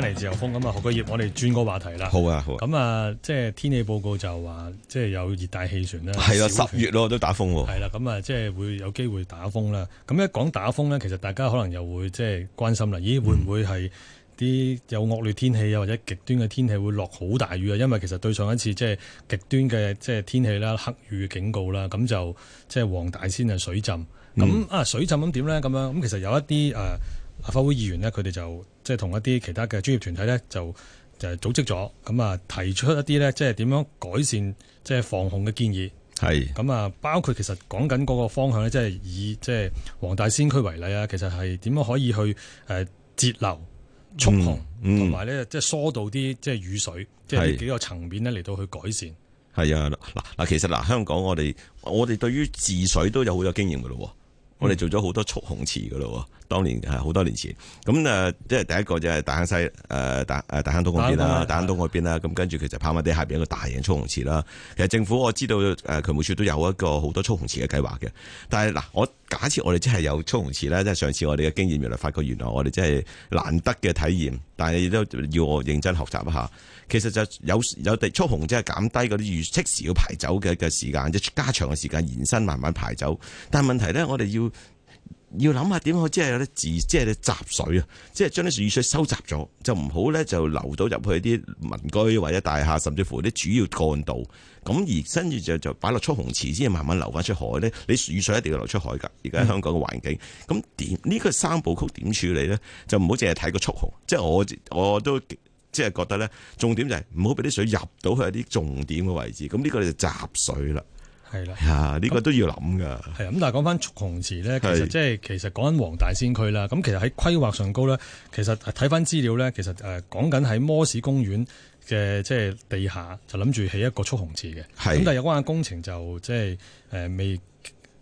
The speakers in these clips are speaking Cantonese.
翻嚟自由風咁啊，學個業，我哋轉個話題啦。好啊，好啊。咁啊，即係天氣報告就話，即係有熱帶氣旋啦，係啊，十月咯都打風喎。係啦，咁啊，即係會有機會打風啦。咁一講打風咧，其實大家可能又會即係關心啦。咦，會唔會係啲有惡劣天氣啊，或者極端嘅天氣會落好大雨啊？因為其實對上一次即係極端嘅即係天氣啦，黑雨警告啦，咁就即係黃大仙係水浸。咁啊，水浸咁點咧？咁樣咁其實有一啲誒立法會議員咧，佢哋就。即係同一啲其他嘅專業團體咧，就就組織咗，咁啊提出一啲咧，即係點樣改善即係防洪嘅建議。係咁啊，包括其實講緊嗰個方向咧，即係以即係黃大仙區為例啊，其實係點樣可以去誒截流、蓄洪，同埋咧即係疏導啲即係雨水，即係幾個層面咧嚟到去改善。係啊，嗱嗱，其實嗱，香港我哋我哋對於治水都有好多經驗噶咯。我哋做咗好多蓄洪池噶咯，當年係好多年前，咁、嗯、啊，即係第一個就係大坑西，誒大誒大坑東嗰邊啦，大坑東嗰邊啦，咁跟住其實跑馬地下邊一個大型蓄洪池啦。其實政府我知道誒，渠務署都有一個好多蓄洪池嘅計劃嘅。但係嗱，假設我假設我哋真係有蓄洪池咧，即係上次我哋嘅經驗原來發覺，原來我哋真係難得嘅體驗，但係亦都要我認真學習一下。其實就有有地蓄洪，即係減低嗰啲預即時要排走嘅嘅時間，即係加長嘅時間延伸，慢慢排走。但係問題咧，我哋要要諗下點樣，即係有啲字，即係啲雜水啊，即係將啲雨水收集咗，就唔好咧就流到入去啲民居或者大廈，甚至乎啲主要幹道。咁而跟住就就擺落蓄洪池，先慢慢流翻出海咧。你雨水一定要流出海噶，而家香港嘅環境。咁點呢個三部曲點處理咧？就唔好淨係睇個蓄洪。即係我我都即係覺得咧，重點就係唔好俾啲水入到去一啲重點嘅位置。咁、這、呢個就雜水啦。係啦，呢、這個都要諗噶。係啊，咁但係講翻蓄洪池咧，其實即係其實講緊黃大仙區啦。咁其實喺規劃上高咧，其實睇翻資料咧，其實誒講緊喺摩士公園嘅即係地下就諗住起一個蓄洪池嘅。咁但係有關的工程就、就是呃、即係誒未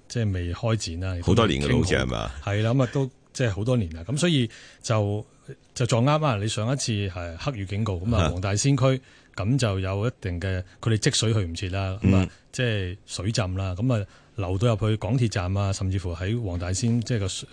即係未開展啦。好多年嘅老字係嘛？係啦，咁啊都即係好多年啦。咁所以就就撞啱啦。你上一次係黑雨警告咁啊，黃大仙區。咁就有一定嘅佢哋積水去唔切啦，咁、嗯、啊即係水浸啦，咁啊流到入去港鐵站啊，甚至乎喺黃大仙即係個誒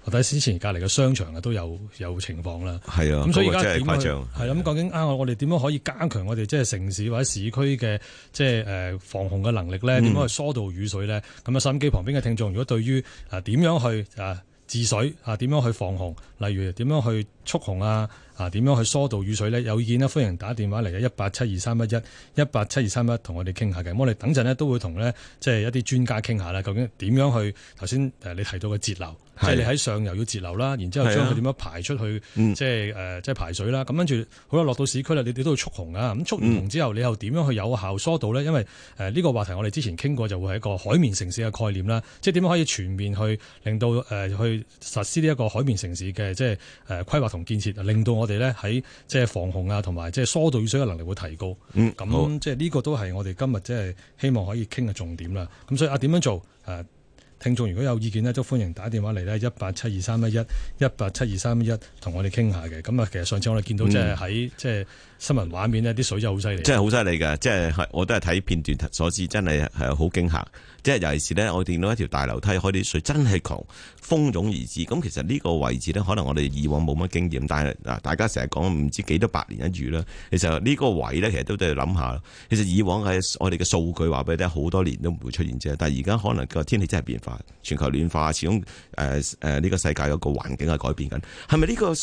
黃大仙前隔離嘅商場啊都有有情況啦。係啊，咁所以而家點係咁？樣啊、究竟啊，我哋點樣可以加強我哋即係城市或者市區嘅即係誒防洪嘅能力咧？點、嗯、樣去疏導雨水咧？咁啊，收音機旁邊嘅聽眾，如果對於啊點樣去啊治水啊點樣去防洪，例如點樣去蓄洪啊？啊，點樣去疏導雨水咧？有意見呢，歡迎打電話嚟嘅一八七二三一一一八七二三一，同我哋傾下嘅。咁我哋等陣呢，都會同咧即係一啲專家傾下啦。究竟點樣去頭先誒你提到嘅截流，即係你喺上游要截流啦，然之後將佢點樣排出去，即係誒即係排水啦。咁跟住好啦，落到市區啦，你哋都要蓄洪啊。咁蓄完洪之後，你又點樣去有效疏導咧？因為誒呢、呃呢個話題我哋之前傾過，就會係一個海綿城市嘅概念啦。即係點樣可以全面去令到誒去實施呢一個海綿城市嘅即係誒規劃同建設，令到我我哋咧喺即係防洪啊，同埋即係疏導雨水嘅能力會提高。嗯，咁即係呢個都係我哋今日即係希望可以傾嘅重點啦。咁所以啊，點樣做？誒。聽眾如果有意見呢，都歡迎打電話嚟呢，1, 1一八七二三一一八七二三一，同我哋傾下嘅。咁啊，其實上次我哋見到即係喺即係新聞畫面呢啲、嗯、水真係好犀利。真係好犀利㗎！ 即係我都係睇片段所見，真係好驚嚇。即係尤其是呢，我見到一條大樓梯開啲水真，真係狂風湧而至。咁其實呢個位置呢，可能我哋以往冇乜經驗，但係嗱，大家成日講唔知幾多百年一遇啦。其實呢個位呢，其實都都要諗下。其實以往喺我哋嘅數據話俾你聽，好多年都唔會出現啫。但係而家可能個天氣真係變化。全球暖化，始終誒誒，呢個世界有一個環境係改變緊，係咪呢個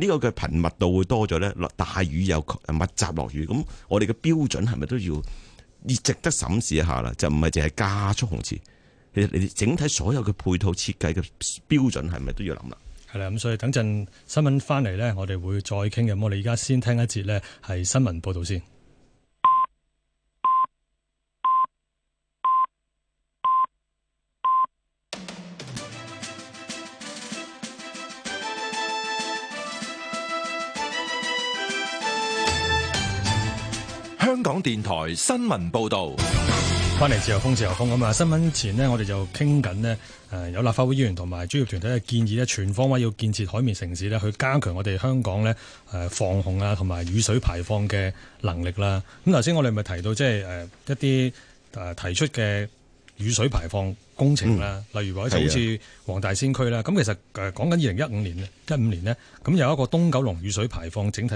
呢個嘅頻密度會多咗咧？落大雨又密集落雨，咁我哋嘅標準係咪都要而值得審視一下啦？就唔係淨係加速紅字，其實你哋整體所有嘅配套設計嘅標準係咪都要諗啦？係啦，咁所以等陣新聞翻嚟咧，我哋會再傾嘅。咁我哋而家先聽一節咧，係新聞報道先。港電台新聞報道，翻嚟自由風，自由風咁啊！新聞前呢，我哋就傾緊呢，誒、呃，有立法會議員同埋專業團體嘅建議呢，全方位要建設海綿城市呢，去加強我哋香港呢誒、呃，防洪啊，同埋雨水排放嘅能力啦。咁頭先我哋咪提到，即係誒一啲誒提出嘅雨水排放工程啦，嗯、例如話就好似黃大仙區啦。咁其實誒講緊二零一五年，一五年呢，咁有一個東九龍雨水排放整體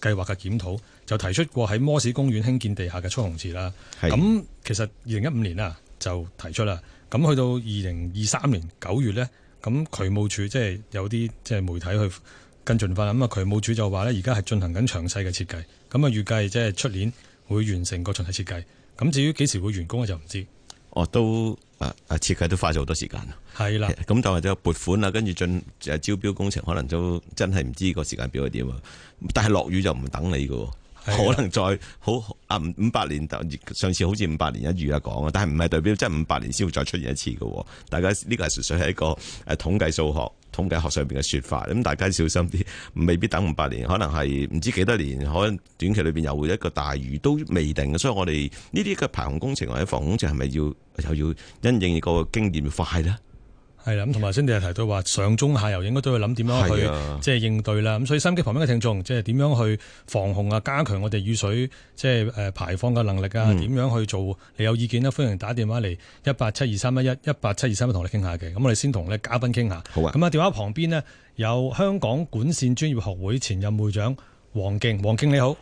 計劃嘅檢討。就提出過喺摩士公園興建地下嘅蓄洪池啦。咁其實二零一五年啊就提出啦。咁去到二零二三年九月呢，咁渠務署即係有啲即係媒體去跟進翻。咁啊渠務署就話呢，而家係進行緊詳細嘅設計。咁啊預計即係出年會完成個詳細設計。咁至於幾時會完工就我就唔知。哦，都誒誒設計都花咗好多時間啦。係啦，咁就或者撥款啦，跟住進招標工程，可能都真係唔知個時間表係點啊。但係落雨就唔等你嘅。可能再好啊五百年，上次好似五百年一遇啊講啊，但係唔係代表即係五百年先會再出現一次嘅，大家呢個係純粹係一個誒統計數學、統計學上邊嘅說法，咁大家小心啲，未必等五百年，可能係唔知幾多年，可能短期裏邊又會一個大雨都未定嘅，所以我哋呢啲嘅排洪工程或者防洪工程係咪要又要因應個經驗快咧？係啦，咁同埋先，你提到話上中下游應該都要諗點樣去即係應對啦。咁所以收音機旁邊嘅聽眾，即係點樣去防洪啊？加強我哋雨水即係排放嘅能力啊？點、嗯、樣去做？你有意見呢？歡迎打電話嚟一八七二三一一一八七二三一同我哋傾下嘅。咁我哋先同呢嘉賓傾下。好啊。咁啊，電話旁邊呢，有香港管線專業學會前任會長黃敬。黃敬，黃敬你好。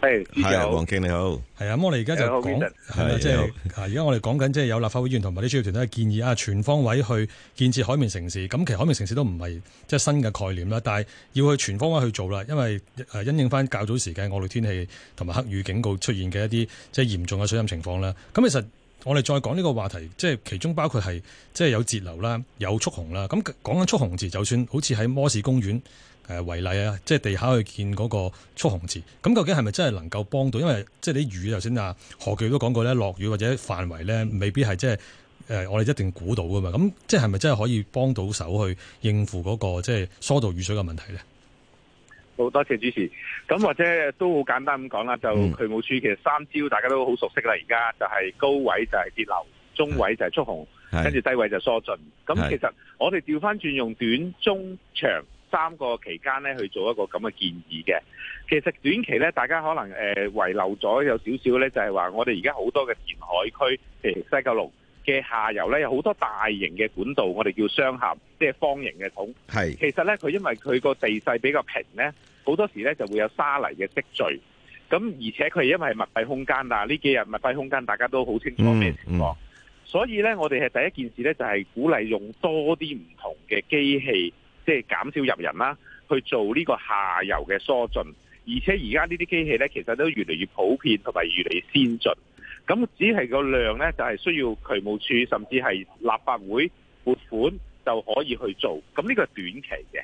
係，係，黃敬你好。係啊，咁我哋而家就講，係啊，即係，而家、就是、我哋講緊即係有立法會議員同埋啲專業團體建議啊，全方位去建設海綿城市。咁其實海綿城市都唔係即係新嘅概念啦，但係要去全方位去做啦，因為誒，因應翻較早時間惡劣天氣同埋黑雨警告出現嘅一啲即係嚴重嘅水浸情況啦。咁其實我哋再講呢個話題，即係其中包括係即係有截流啦，有蓄洪啦。咁講緊蓄洪池就算好似喺摩士公園。誒為例啊，即係地下去建嗰個蓄洪池，咁究竟係咪真係能夠幫到？因為即係啲雨，頭先啊何局都講過咧，落雨或者範圍咧，未必係即係誒我哋一定估到噶嘛。咁即係係咪真係可以幫到手去應付嗰、那個即係疏導雨水嘅問題咧？好多謝主持。咁或者都好簡單咁講啦，就渠務署其實三招大家都好熟悉啦。而、嗯、家就係高位就係截流，中位就係蓄洪，跟住低位就疏浚。咁其實我哋調翻轉用短、中、長、三個期間咧去做一個咁嘅建議嘅，其實短期咧，大家可能誒、呃、遺漏咗有少少咧，就係話我哋而家好多嘅填海區，譬、呃、如西九龍嘅下游咧，有好多大型嘅管道，我哋叫雙涵，即係方形嘅桶。係，其實咧佢因為佢個地勢比較平咧，好多時咧就會有沙泥嘅積聚。咁而且佢係因為密閉空間啊，呢幾日密閉空間大家都好清楚咩情況。嗯嗯、所以咧，我哋係第一件事咧，就係、是、鼓勵用多啲唔同嘅機器。即係減少入人啦，去做呢個下游嘅疏浚，而且而家呢啲機器呢，其實都越嚟越普遍同埋越嚟越先進，咁只係個量呢，就係需要渠務處，甚至係立法會撥款就可以去做，咁呢個短期嘅。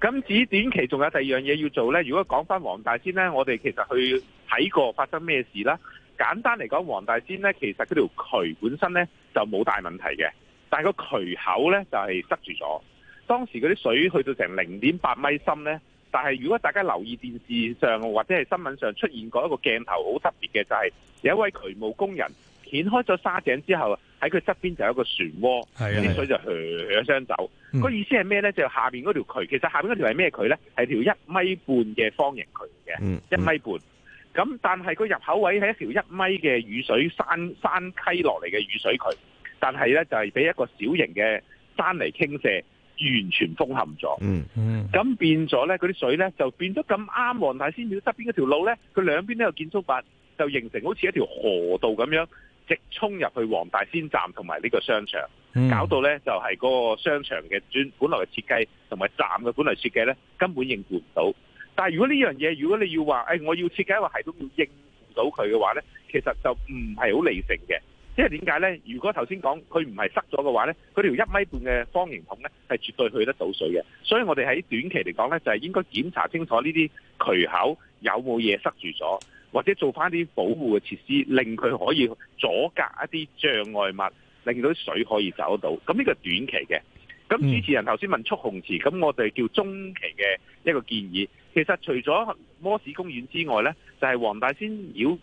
咁至於短期仲有第二樣嘢要做呢。如果講返黃大仙呢，我哋其實去睇過發生咩事啦。簡單嚟講，黃大仙呢，其實嗰條渠本身呢，就冇大問題嘅，但係個渠口呢，就係塞住咗。當時嗰啲水去到成零點八米深呢。但係如果大家留意電視上或者係新聞上出現過一個鏡頭好特別嘅，就係、是、有一位渠務工人掀開咗沙井之後，喺佢側邊就有一個漩渦，啲水就噥噥聲走。是個意思係咩呢？就下邊嗰條渠，其實下面嗰條係咩渠呢？係條一米半嘅方形渠嘅，一米半。咁但係佢入口位係一條一米嘅雨水山山溪落嚟嘅雨水渠，但係呢就係、是、俾一個小型嘅山泥傾瀉。完全封陷咗，嗯，咁、嗯、變咗咧，嗰啲水咧就變咗咁啱黃大仙廟側邊嗰條路咧，佢兩邊都有建築物，就形成好似一條河道咁樣，直衝入去黃大仙站同埋呢個商場，搞到咧就係、是、嗰個商場嘅轉本來嘅設計同埋站嘅本來設計咧，根本應付唔到。但係如果呢樣嘢，如果你要話，誒、哎、我要設計一個系統要應付到佢嘅話咧，其實就唔係好理性嘅。即係點解呢？如果頭先講佢唔係塞咗嘅話呢，佢條一米半嘅方形桶呢，係絕對去得到水嘅。所以我哋喺短期嚟講呢就係、是、應該檢查清楚呢啲渠口有冇嘢塞住咗，或者做翻啲保護嘅設施，令佢可以阻隔一啲障礙物，令到啲水可以走得到。咁呢個短期嘅。咁主持人頭先問促洪池，咁我哋叫中期嘅一個建議。其實除咗摩士公園之外呢，就係、是、黃大仙繞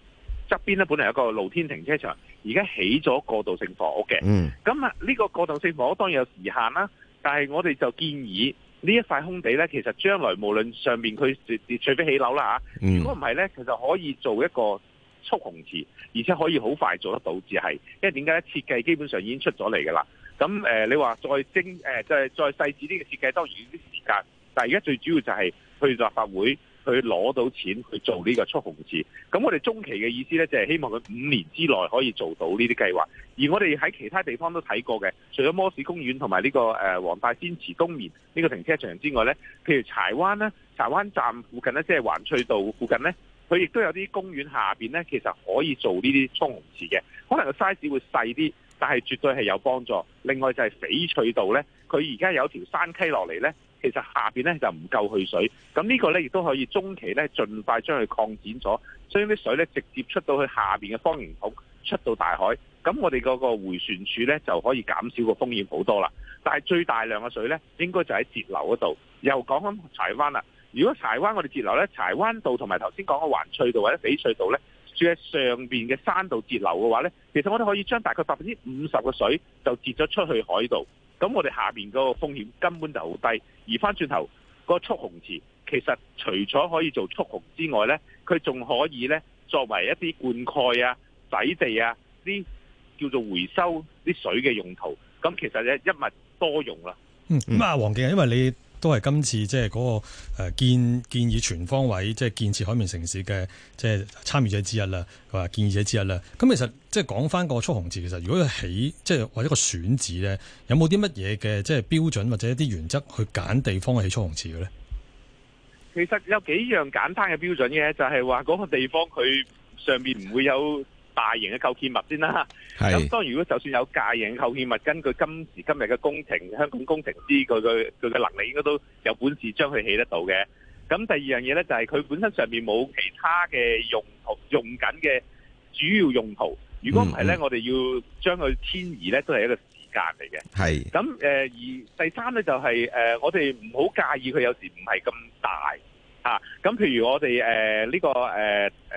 側邊呢，本嚟有一個露天停車場。而家起咗過渡性房屋嘅，嗯，咁啊呢個過渡性房屋當然有時限啦，但係我哋就建議呢一塊空地咧，其實將來無論上面佢除非起樓啦、嚇，如果唔係咧，其實可以做一個蓄洪池，而且可以好快做得到，就係因為點解設計基本上已經出咗嚟噶啦。咁誒，你話再精誒，即係再細緻啲嘅設計，當然有啲時間，但係而家最主要就係去立法會，佢攞到錢去做呢個蓄洪池。咁我哋中期嘅意思呢，就係、是、希望佢五年之內可以做到呢啲計劃。而我哋喺其他地方都睇過嘅，除咗摩士公園同埋呢個誒黃、呃、大仙祠東面呢個停車場之外呢，譬如柴灣呢，柴灣站附近呢，即、就、係、是、環翠道附近呢，佢亦都有啲公園下面呢，其實可以做呢啲蓄洪池嘅，可能個 size 會細啲，但係絕對係有幫助。另外就係翡翠道呢，佢而家有條山溪落嚟呢。其實下面咧就唔夠去水，咁呢個咧亦都可以中期咧盡快將佢擴展咗，將啲水咧直接出到去下面嘅方形桶，出到大海，咁我哋嗰個回旋處咧就可以減少個風險好多啦。但係最大量嘅水咧，應該就喺截流嗰度。又講緊柴灣啦，如果柴灣我哋截流咧，柴灣道同埋頭先講嘅環翠道或者翡翠道咧，住喺上面嘅山度截流嘅話咧，其實我哋可以將大概百分之五十嘅水就截咗出去海度。咁我哋下邊個風險根本就好低。而翻轉頭，個蓄洪池其實除咗可以做蓄洪之外呢，佢仲可以呢，作為一啲灌溉啊、洗地啊啲叫做回收啲水嘅用途。咁其實呢一物多用啦。嗯，咁啊，黃敬，因為你。都係今次即係嗰個誒建建議全方位即係建設海綿城市嘅即係參與者之一啦，話建議者之一啦。咁其實即係講翻個蓄洪池，其實如果起即係或者個選址咧，有冇啲乜嘢嘅即係標準或者一啲原則去揀地方去起蓄洪池嘅咧？其實有幾樣簡單嘅標準嘅，就係話嗰個地方佢上面唔會有。大型嘅構建物先啦，咁當然如果就算有大型嘅構建物，根據今時今日嘅工程，香港工程師佢嘅佢嘅能力應該都有本事將佢起得到嘅。咁第二樣嘢呢，就係佢本身上面冇其他嘅用途，用緊嘅主要用途。如果唔係呢，我哋要將佢遷移呢，都係一個時間嚟嘅。咁而第三呢，就係我哋唔好介意佢有時唔係咁大吓咁、啊、譬如我哋呢、呢個誒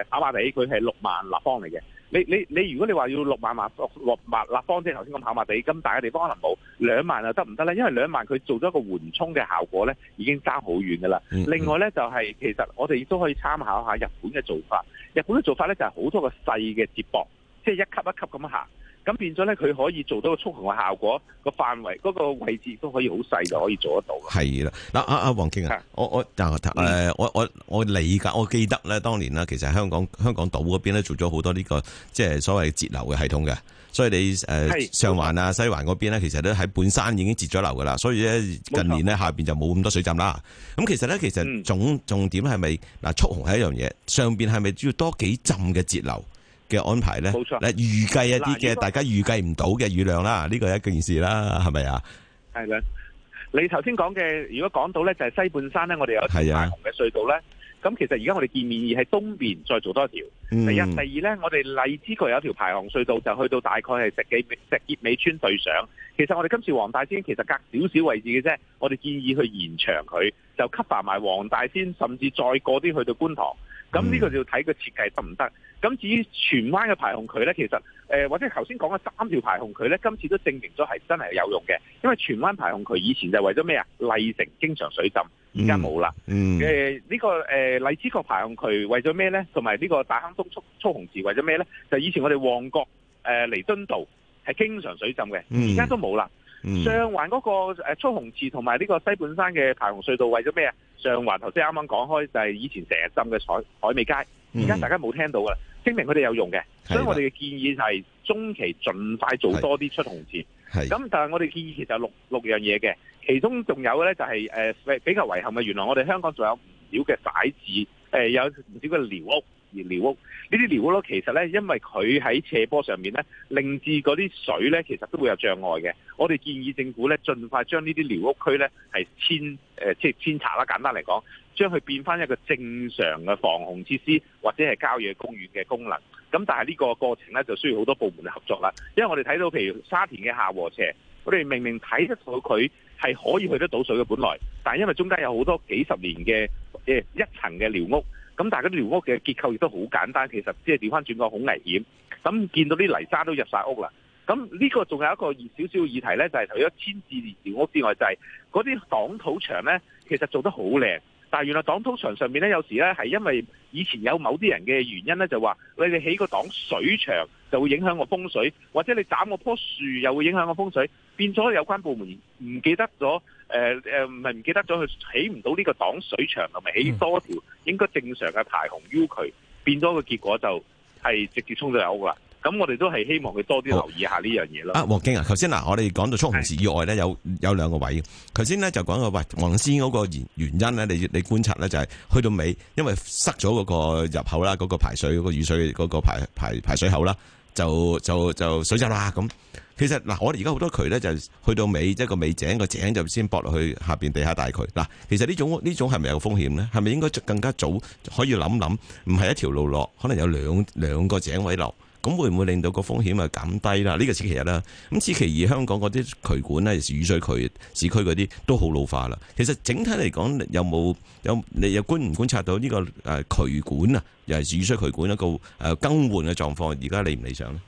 誒跑馬地，佢係六萬立方嚟嘅。你你你，你你如果你話要六萬萬落落萬立方，即係頭先咁跑馬地咁大嘅地方，可能冇兩萬又得唔得咧？因為兩萬佢做咗一個緩衝嘅效果咧，已經差好遠噶啦、嗯嗯。另外咧、就是，就係其實我哋亦都可以參考下日本嘅做法。日本嘅做法咧，就係好多個細嘅接駁，即、就、係、是、一級一級咁行。咁變咗咧，佢可以做到個蓄洪嘅效果，個範圍嗰、那個位置都可以好細就可以做得到。係啦，嗱阿阿黃敬啊，王啊我我但我我我理解，我記得咧，當年，年呢，其實香港香港島嗰邊咧做咗好多呢個即係所謂截流嘅系統嘅，所以你誒上環啊、西環嗰邊咧，其實都喺半山已經截咗流噶啦，所以咧近年咧下邊就冇咁多水浸啦。咁其實咧，其實重重點係咪嗱蓄洪係一樣嘢，上邊係咪主要多幾浸嘅截流？嘅安排咧，冇錯。你預計一啲嘅，大家預計唔到嘅雨量啦，呢、這個係一件事啦，係咪啊？係啦。你頭先講嘅，如果講到咧，就係、是、西半山咧，我哋有排洪嘅隧道咧。咁、啊、其實而家我哋建議喺東邊再做多一條。第一、嗯、第二咧，我哋荔枝角有條條排洪隧道，就去到大概係石硤尾村對上。其實我哋今次黃大仙其實隔少少位置嘅啫，我哋建議去延長佢，就 cover 埋黃大仙，甚至再過啲去到觀塘。咁、嗯、呢個就要睇個設計得唔得。咁至於荃灣嘅排洪渠呢，其實誒、呃、或者頭先講嘅三條排洪渠呢，今次都證明咗係真係有用嘅。因為荃灣排洪渠以前就係為咗咩啊？麗城經常水浸，而家冇啦。誒、嗯、呢、嗯呃這個誒、呃、荔枝角排洪渠為咗咩呢？同埋呢個大坑東蓄洪池為咗咩呢？就以前我哋旺角誒彌、呃、敦道係經常水浸嘅，而、嗯、家都冇啦。嗯、上環嗰個誒、出紅池同埋呢個西半山嘅排洪隧道為咗咩啊？上環頭先啱啱講開就係以前成日浸嘅彩海味街，而、嗯、家大家冇聽到噶啦，證明佢哋有用嘅。所以我哋嘅建議就係中期盡快做多啲出紅池。係咁，但係我哋建議其實六六樣嘢嘅，其中仲有嘅咧就係、是、誒、呃、比較遺憾嘅，原來我哋香港仲有唔少嘅寨仔，誒、呃、有唔少嘅寮屋。而寮屋呢啲寮屋咯，其實咧，因為佢喺斜坡上面咧，令至嗰啲水咧，其實都會有障礙嘅。我哋建議政府咧，盡快將呢啲寮屋區咧，係遷誒即係遷拆啦。簡單嚟講，將佢變翻一個正常嘅防洪設施，或者係郊野公園嘅功能。咁但係呢個過程咧，就需要好多部門嘅合作啦。因為我哋睇到譬如沙田嘅下禾輋，我哋明明睇得到佢係可以去得到水嘅，本來，但係因為中間有好多幾十年嘅誒、欸、一層嘅寮屋。咁大家啲寮屋嘅結構亦都好簡單，其實即係調翻轉個好危險。咁見到啲泥沙都入晒屋啦。咁呢個仲有一個少少議題呢，就係、是、除咗遷置列寮屋之外、就是，就係嗰啲擋土牆呢，其實做得好靚。但係原來擋土牆上面呢，有時呢係因為以前有某啲人嘅原因呢，就話你哋起個擋水牆就會影響個風水，或者你斬個棵樹又會影響個風水，變咗有關部門唔記得咗。誒、呃、誒，唔係唔記得咗，佢起唔到呢個擋水牆，同埋起多條應該正常嘅排洪 U 渠，變咗個結果就係直接衝咗入屋㗎。咁我哋都係希望佢多啲留意下呢樣嘢啦啊，黃敬啊，頭先嗱，我哋講到沖洪池以外咧，有有兩個位。頭先咧就講到喂，黃仙嗰個原原因咧，你你觀察咧就係去到尾，因為塞咗嗰個入口啦，嗰、那個排水嗰、那個雨水嗰、那個、排排排水口啦。就就就水浸啦咁，其實嗱，我哋而家好多渠咧，就去到尾一個、即係、尾井個井就先駁落去下邊地下大渠嗱，其實呢種呢種係咪有風險咧？係咪應該更加早可以諗諗，唔係一條路落，可能有兩兩個井位落。咁會唔會令到個風險啊減低啦？呢個星期日啦，咁星期二香港嗰啲渠管咧，尤其是雨水渠、市區嗰啲都好老化啦。其實整體嚟講，有冇有，有你有觀唔觀察到呢個渠管啊，又係雨水渠管一個更換嘅狀況？而家理唔理想呢？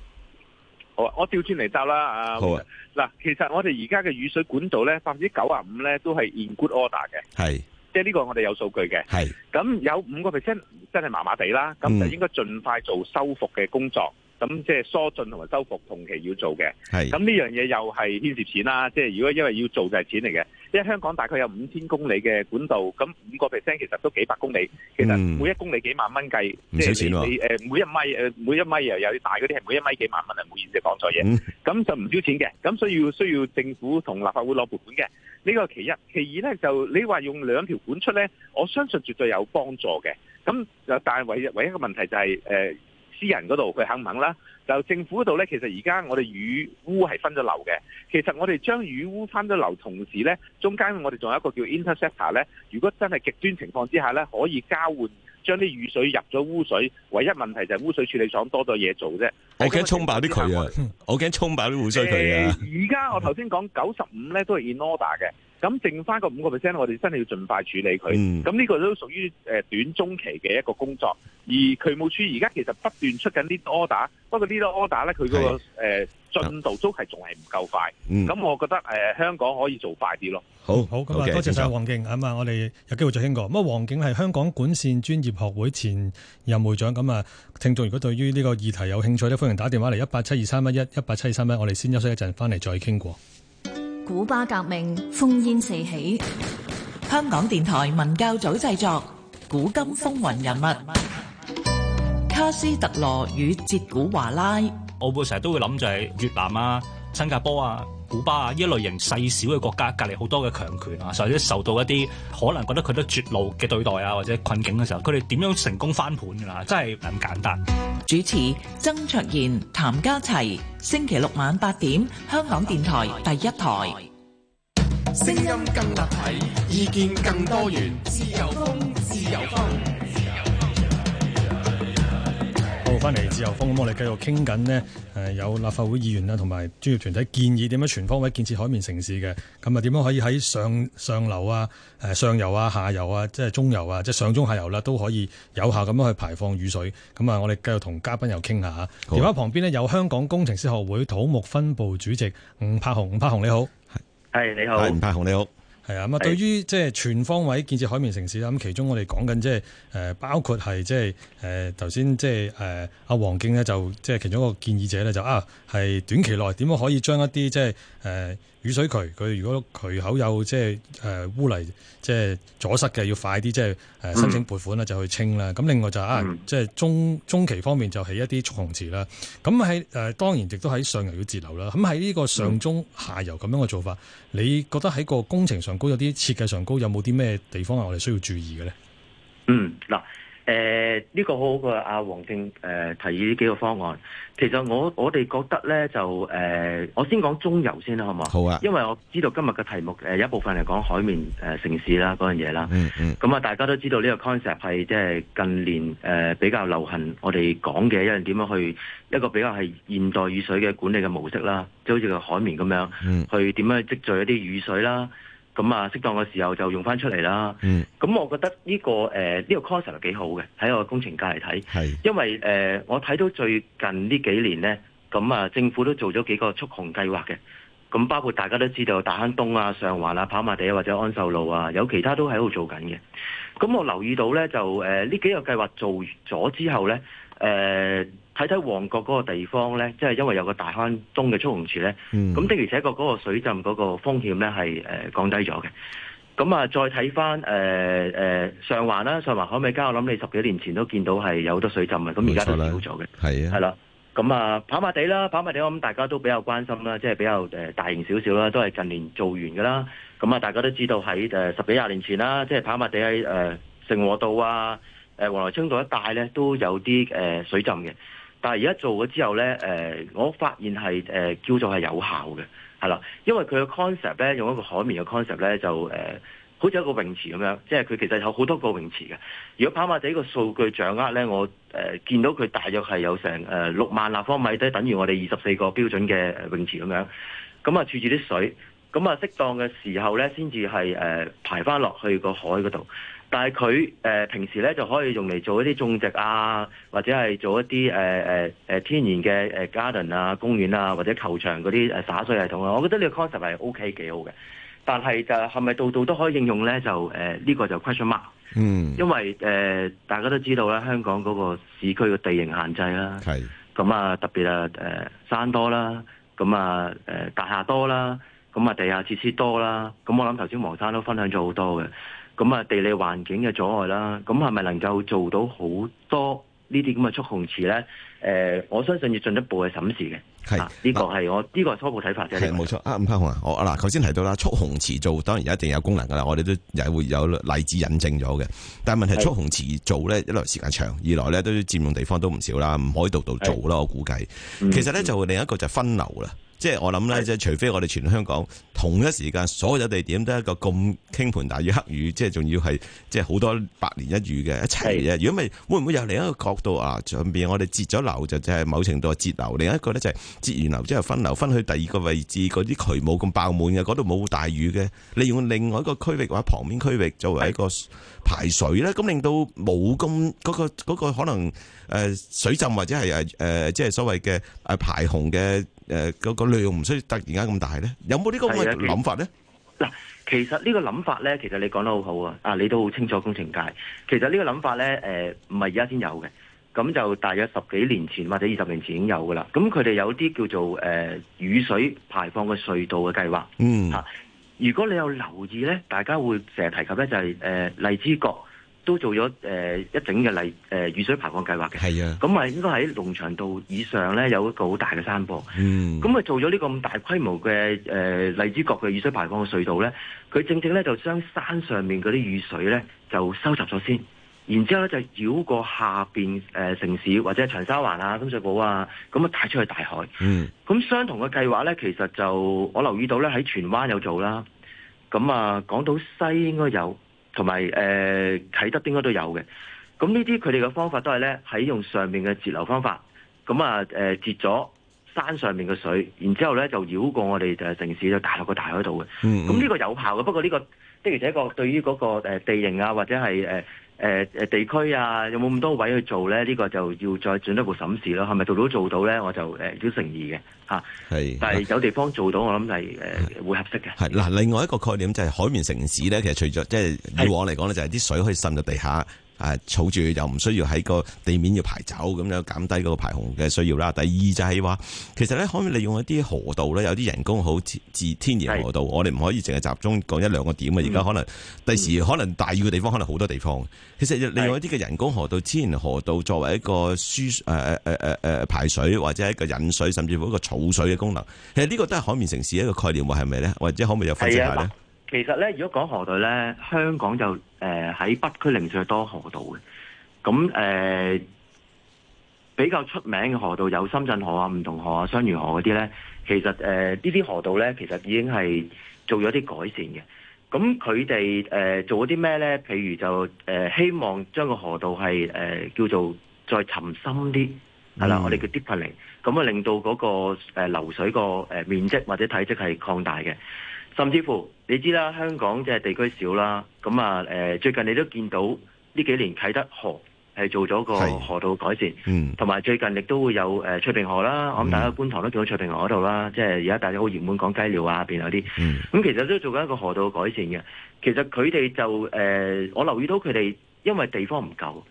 好啊，我調轉嚟答啦啊！好嗱啊，其實我哋而家嘅雨水管道咧，百分之九十五咧都係 in good order 嘅，係即係呢個我哋有數據嘅，係咁有五個 percent 真係麻麻地啦，咁就應該盡快做修復嘅工作。嗯咁即係疏浚同埋修復同期要做嘅，係咁呢樣嘢又係牽涉錢啦、啊。即係如果因為要做就係錢嚟嘅，因為香港大概有五千公里嘅管道，咁五個 percent 其實都幾百公里，其實每一公里幾萬蚊計，唔、嗯、少、就是、錢咯、啊。你誒、呃、每一米誒、呃、每一米又有啲大嗰啲係每一米幾萬蚊啊，唔好意思講錯嘢。咁就唔少錢嘅，咁所以要需要政府同立法會攞撥款嘅。呢、這個其一，其二咧就你話用兩條管出咧，我相信絕對有幫助嘅。咁就但係唯唯一唯一問題就係、是、誒。呃私人嗰度佢肯唔肯啦？就政府嗰度咧，其實而家我哋雨污係分咗流嘅。其實我哋將雨污分咗流，同時咧中間我哋仲有一個叫 interceptor 咧。如果真係極端情況之下咧，可以交換將啲雨水入咗污水，唯一問題就係污水處理廠多咗嘢做啫。我驚沖爆啲渠啊！我驚沖爆啲污水渠啊！而家我頭先講九十五咧都係 in order 嘅。 咁剩翻個五個 percent，我哋真係要盡快處理佢。咁呢個都屬於誒短中期嘅一個工作。而渠務處而家其實不斷出緊啲 order，不過啲 order 咧佢嗰個誒進度都係仲係唔夠快。咁、嗯、我覺得誒香港可以做快啲咯。好好咁啊，多謝曬黃敬啊，我哋有機會再傾過。咁啊，黃敬係香港管線專業學會前任會長。咁啊，聽眾如果對於呢個議題有興趣咧，歡迎打電話嚟一八七二三一一，一八七二三一。我哋先休息一陣，翻嚟再傾過。.古巴革命烽煙四起，香港電台文教組製作《古今風雲人物》，卡斯特羅與哲古華拉。我會成日都會諗就係越南啊、新加坡啊。古巴啊，一類型細小嘅國家，隔籬好多嘅強權啊，或者受到一啲可能覺得佢都絕路嘅對待啊，或者困境嘅時候，佢哋點樣成功翻盤㗎喇？真係咁簡單。主持曾卓然、譚嘉齊，星期六晚八點，香港電台第一台。聲音更立體，意見更多元，自由風，自由 Phone。好，翻嚟自由風咁，我哋繼續傾緊呢，有立法會議員啦，同埋專業團體建議點樣全方位建設海綿城市嘅，咁啊點樣可以喺上上流啊、上游啊、下游啊，即係中游啊，即係上中下游啦，都可以有效咁樣去排放雨水。咁啊，我哋繼續同嘉賓又傾下嚇。電話旁邊呢，有香港工程師學會土木分部主席吳柏鴻，吳柏鴻你好。係，係你好。係吳柏鴻你好。係啊，咁啊，對於即係全方位建設海綿城市啦，咁其中我哋講緊即係誒，包括係即係誒，頭先即係誒，阿黃敬呢，就即係其中一個建議者咧，就啊係短期內點樣可以將一啲即係誒雨水渠，佢如果渠口有即係誒污泥即係、呃、阻塞嘅，要快啲即係誒申請撥款啦、嗯，就去清啦。咁另外就是嗯、啊，即係中中期方面就起一啲蓄洪池啦。咁喺誒當然亦都喺上游要截流啦。咁喺呢個上中下游咁樣嘅做法、嗯，你覺得喺個工程上高有啲設計上高有冇啲咩地方係我哋需要注意嘅咧？嗯，嗱。誒、呃，呢、這個好好嘅，阿黃敬誒提議呢幾個方案。其實我我哋覺得呢，就誒、呃，我先講中游先啦，好嘛？好啊。因為我知道今日嘅題目，誒、呃，有一部分係講海綿誒、呃、城市啦，嗰樣嘢啦。嗯嗯。咁啊，大家都知道呢個 concept 係即係近年誒、呃、比較流行我，我哋講嘅一樣點樣去一個比較係現代雨水嘅管理嘅模式啦，即係好似個海綿咁樣，嗯、去點樣去積聚一啲雨水啦。咁啊，適當嘅時候就用翻出嚟啦。咁、嗯、我覺得呢、這個誒呢、呃這個 concept 幾好嘅，喺個工程界嚟睇。因為誒、呃、我睇到最近呢幾年咧，咁啊政府都做咗幾個促洪計劃嘅。咁包括大家都知道大坑東啊、上環啊、跑馬地啊或者安秀路啊，有其他都喺度做緊嘅。咁我留意到咧就誒呢、呃、幾個計劃做咗之後咧誒。呃睇睇旺角嗰個地方呢，即係因為有個大坑東嘅蓄洪池呢，咁、嗯、的而且確嗰個水浸嗰個風險呢係降低咗嘅。咁啊，再睇翻誒上環啦，上環海味街，我諗你十幾年前都見到係有好多水浸嘅，咁而家都好咗嘅。係啊，係啦，咁啊跑馬地啦，跑馬地我諗大家都比較關心啦，即、就、係、是、比較大型少少啦，都係近年做完嘅啦。咁啊，大家都知道喺、呃、十幾廿年前啦，即係跑馬地喺誒成和道啊、誒黃泥涌道一帶呢，都有啲誒、呃、水浸嘅。但係而家做咗之後呢，誒、呃、我發現係誒、呃、叫做係有效嘅，係啦，因為佢嘅 concept 呢，用一個海綿嘅 concept 呢，就誒、呃、好似一個泳池咁樣，即係佢其實有好多個泳池嘅。如果跑馬地個數據掌握呢，我誒、呃、見到佢大約係有成誒六萬立方米，都等於我哋二十四個標準嘅泳池咁樣，咁啊儲住啲水，咁啊適當嘅時候呢，先至係誒排翻落去個海嗰度。但係佢誒平時咧就可以用嚟做一啲種植啊，或者係做一啲誒誒天然嘅誒、呃、garden 啊、公園啊或者球場嗰啲誒灑水系統啊，我覺得呢個 concept 係 OK 幾好嘅。但係就係咪度度都可以應用咧？就誒呢、呃這個就 question mark。嗯，因為誒、呃、大家都知道啦，香港嗰個市區嘅地形限制啦、啊，係咁啊特別啊誒、啊、山多啦、啊，咁啊大廈多啦，咁啊，啊，啊，啊，啊，啊，啊地下設施多啦、啊，咁、啊啊、我諗頭先黃生都分享咗好多嘅。咁啊，地理環境嘅阻礙啦，咁係咪能夠做到好多呢啲咁嘅蓄洪池咧？誒、呃，我相信要進一步嘅審視嘅。係，呢、啊這個係、啊、我呢、這個初步睇法啫。冇錯。啊，吳柏鴻啊，我嗱頭先提到啦，蓄洪池做當然一定有功能㗎啦，我哋都亦會有例子引證咗嘅。但係問題蓄洪池做咧，一來時間長，二來咧都佔用地方都唔少啦，唔可以度度做咯。我估計，其實咧就另一個就分流啦。即係我諗呢，即係除非我哋全香港同一時間所有地點都係一個咁傾盆大雨、黑雨，即係仲要係即係好多百年一遇嘅一齊嘅。如果咪會唔會有另一個角度啊？上邊我哋截咗流就即係某程度係截流，另一個呢，就係截完流之後分流，分去第二個位置嗰啲渠冇咁爆滿嘅，嗰度冇大雨嘅，利用另外一個區域或者旁邊區域作為一個排水咧，咁令到冇咁嗰個、嗰個可能，誒、呃、水浸或者係誒誒，即係所謂嘅誒排洪嘅誒嗰個量唔需要突然間咁大咧，有冇呢個咁嘅諗法咧？嗱，其實呢個諗法咧，其實你講得好好啊，啊你都好清楚工程界。其實呢個諗法咧，誒唔係而家先有嘅，咁就大約十幾年前或者二十年前已經有噶啦。咁佢哋有啲叫做誒、呃、雨水排放嘅隧道嘅計劃，嗯吓。如果你有留意咧，大家會成日提及咧，就係、是、誒荔枝角都做咗誒、呃、一整嘅荔、呃、雨水排放計劃嘅。係啊，咁咪應該喺農場道以上咧有一個好大嘅山坡。嗯，咁啊做咗呢個咁大規模嘅誒、呃、荔枝角嘅雨水排放嘅隧道咧，佢正正咧就將山上面嗰啲雨水咧就收集咗先。然之後咧就繞過下面誒、呃、城市或者長沙灣啊、深水埗啊，咁啊帶出去大海。嗯。咁相同嘅計劃咧，其實就我留意到咧喺荃灣有做啦。咁啊，港島西應該有，同埋誒啟德應該都有嘅。咁呢啲佢哋嘅方法都係咧喺用上面嘅截流方法。咁啊誒、呃、截咗山上面嘅水，然之後咧就繞過我哋城市就帶落個大海度嘅。嗯。咁呢個有效嘅，不過呢、這個的而且確對於嗰個地形啊或者係誒誒，地區啊，有冇咁多位去做咧？呢個就要再進一步審視咯。係咪做到做到咧？我就誒，都誠意嘅吓。係，但係有地方做到，我諗係誒，會合適嘅。係嗱，另外一個概念就係海綿城市咧。其實除咗，即係以往嚟講咧，就係啲水可以滲到地下。誒，儲住、啊、又唔需要喺個地面要排走，咁樣減低嗰個排洪嘅需要啦。第二就係話，其實咧可唔可以利用一啲河道咧，有啲人工好自天然河道，是我哋唔可以淨係集中講一兩個點嘅。而家可能第、嗯、時可能大雨嘅地方，可能好多地方。其實利用一啲嘅人工河道、天然河道，作為一個輸誒誒誒誒誒排水或者一個引水，甚至乎一個儲水嘅功能。其實呢個都係海綿城市一個概念，喎係咪咧？或者可唔可以有分析下咧？其實咧，如果講河道咧，香港就誒喺、呃、北區零舍多河道嘅。咁誒、呃、比較出名嘅河道有深圳河啊、梧桐河啊、雙魚河嗰啲咧。其實誒呢啲河道咧，其實已經係做咗啲改善嘅。咁佢哋誒做咗啲咩咧？譬如就誒、呃、希望將個河道係誒、呃、叫做再沉深啲，係、嗯、啦，我哋叫 deepening。咁啊，令到嗰個流水個誒面積或者體積係擴大嘅。甚至乎你知啦，香港即係地區少啦，咁、嗯、啊最近你都見到呢幾年啟德河係做咗個河道改善，嗯，同埋最近亦都會有誒翠屏河啦，我諗大家觀塘都見到翠屏河嗰度啦，即係而家大家好熱門講雞寮啊，下邊有啲，咁、嗯嗯、其實都做緊一個河道改善嘅。其實佢哋就誒、呃，我留意到佢哋因為地方唔夠，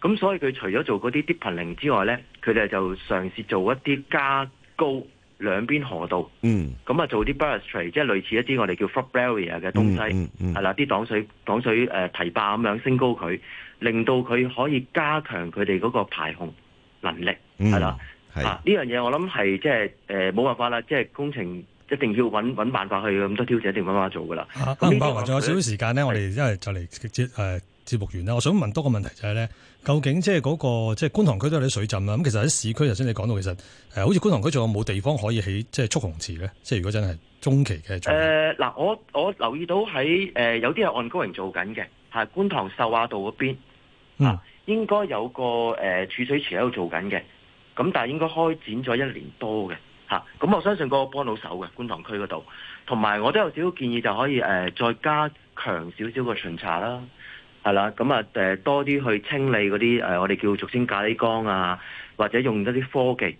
咁所以佢除咗做嗰啲頻頻之外咧，佢哋就嘗試做一啲加高。兩邊河道，嗯，咁啊做啲 barrier，即係類似一啲我哋叫 flood barrier 嘅東西，係、嗯、啦，啲、嗯、擋、嗯、水擋水誒堤壩咁樣升高佢，令到佢可以加強佢哋嗰個排洪能力，係、嗯、啦，係呢、啊、樣嘢我諗係即係誒冇辦法啦，即、就、係、是、工程。一定要揾揾辦法去咁多挑戰，一定要揾辦法做噶啦。咁、啊、仲有少少時間咧，我哋即係就嚟直接誒節目完啦。我想問多個問題就係、是、咧，究竟即係嗰個即係、就是、觀塘區都有啲水浸啦。咁其實喺市區頭先你講到，其實誒、呃、好似觀塘區仲有冇地方可以起即係蓄洪池咧？即係如果真係中期嘅。誒、呃、嗱，我我留意到喺誒、呃、有啲係按高榮做緊嘅，係觀塘秀雅道嗰邊、嗯、啊，應該有個誒、呃、儲水池喺度做緊嘅，咁但係應該開展咗一年多嘅。咁、啊、我相信嗰個幫到手嘅觀塘區嗰度，同埋我都有少少建議，就可以誒、呃、再加強少少個巡查啦，係啦，咁啊、呃、多啲去清理嗰啲誒我哋叫俗稱咖喱缸啊，或者用一啲科技，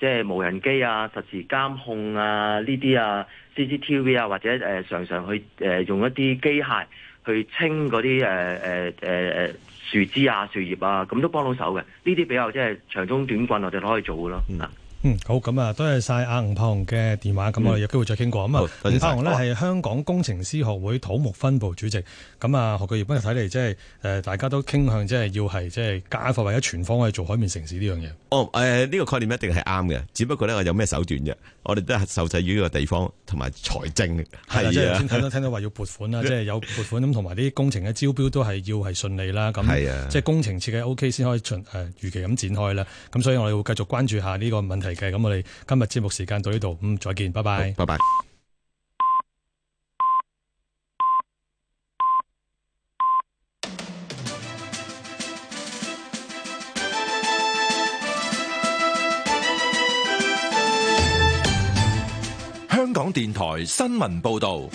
即係無人機啊、實時監控啊呢啲啊、CCTV 啊，或者誒、呃、常常去誒、呃、用一啲機械去清嗰啲誒誒誒樹枝啊、樹葉啊，咁都幫到手嘅。呢啲比較即係長中短棍，我哋攞嚟做嘅咯。嗯嗯，好，咁啊，多謝晒阿吳柏鴻嘅電話，咁我哋有機會再傾過。咁、嗯、啊，吳柏鴻呢係香港工程師學會土木分部主席。咁啊，何巨業今日睇嚟，即係誒，大家都傾向即係要係即係加快或者全方位做海綿城市呢樣嘢。哦，誒、呃，呢、這個概念一定係啱嘅，只不過呢，我有咩手段啫。我哋都係受制於呢個地方同埋財政。係啊，即係先聽到聽到話要撥款啦，即 係有撥款咁，同埋啲工程嘅招標都係要係順利啦。咁，即係工程設計 OK 先可以循誒預期咁展開啦。咁所以我哋會繼續關注下呢個問題。嘅咁，我哋今日節目時間到呢度。嗯，再見，拜拜，拜拜 。香港電台新聞報道。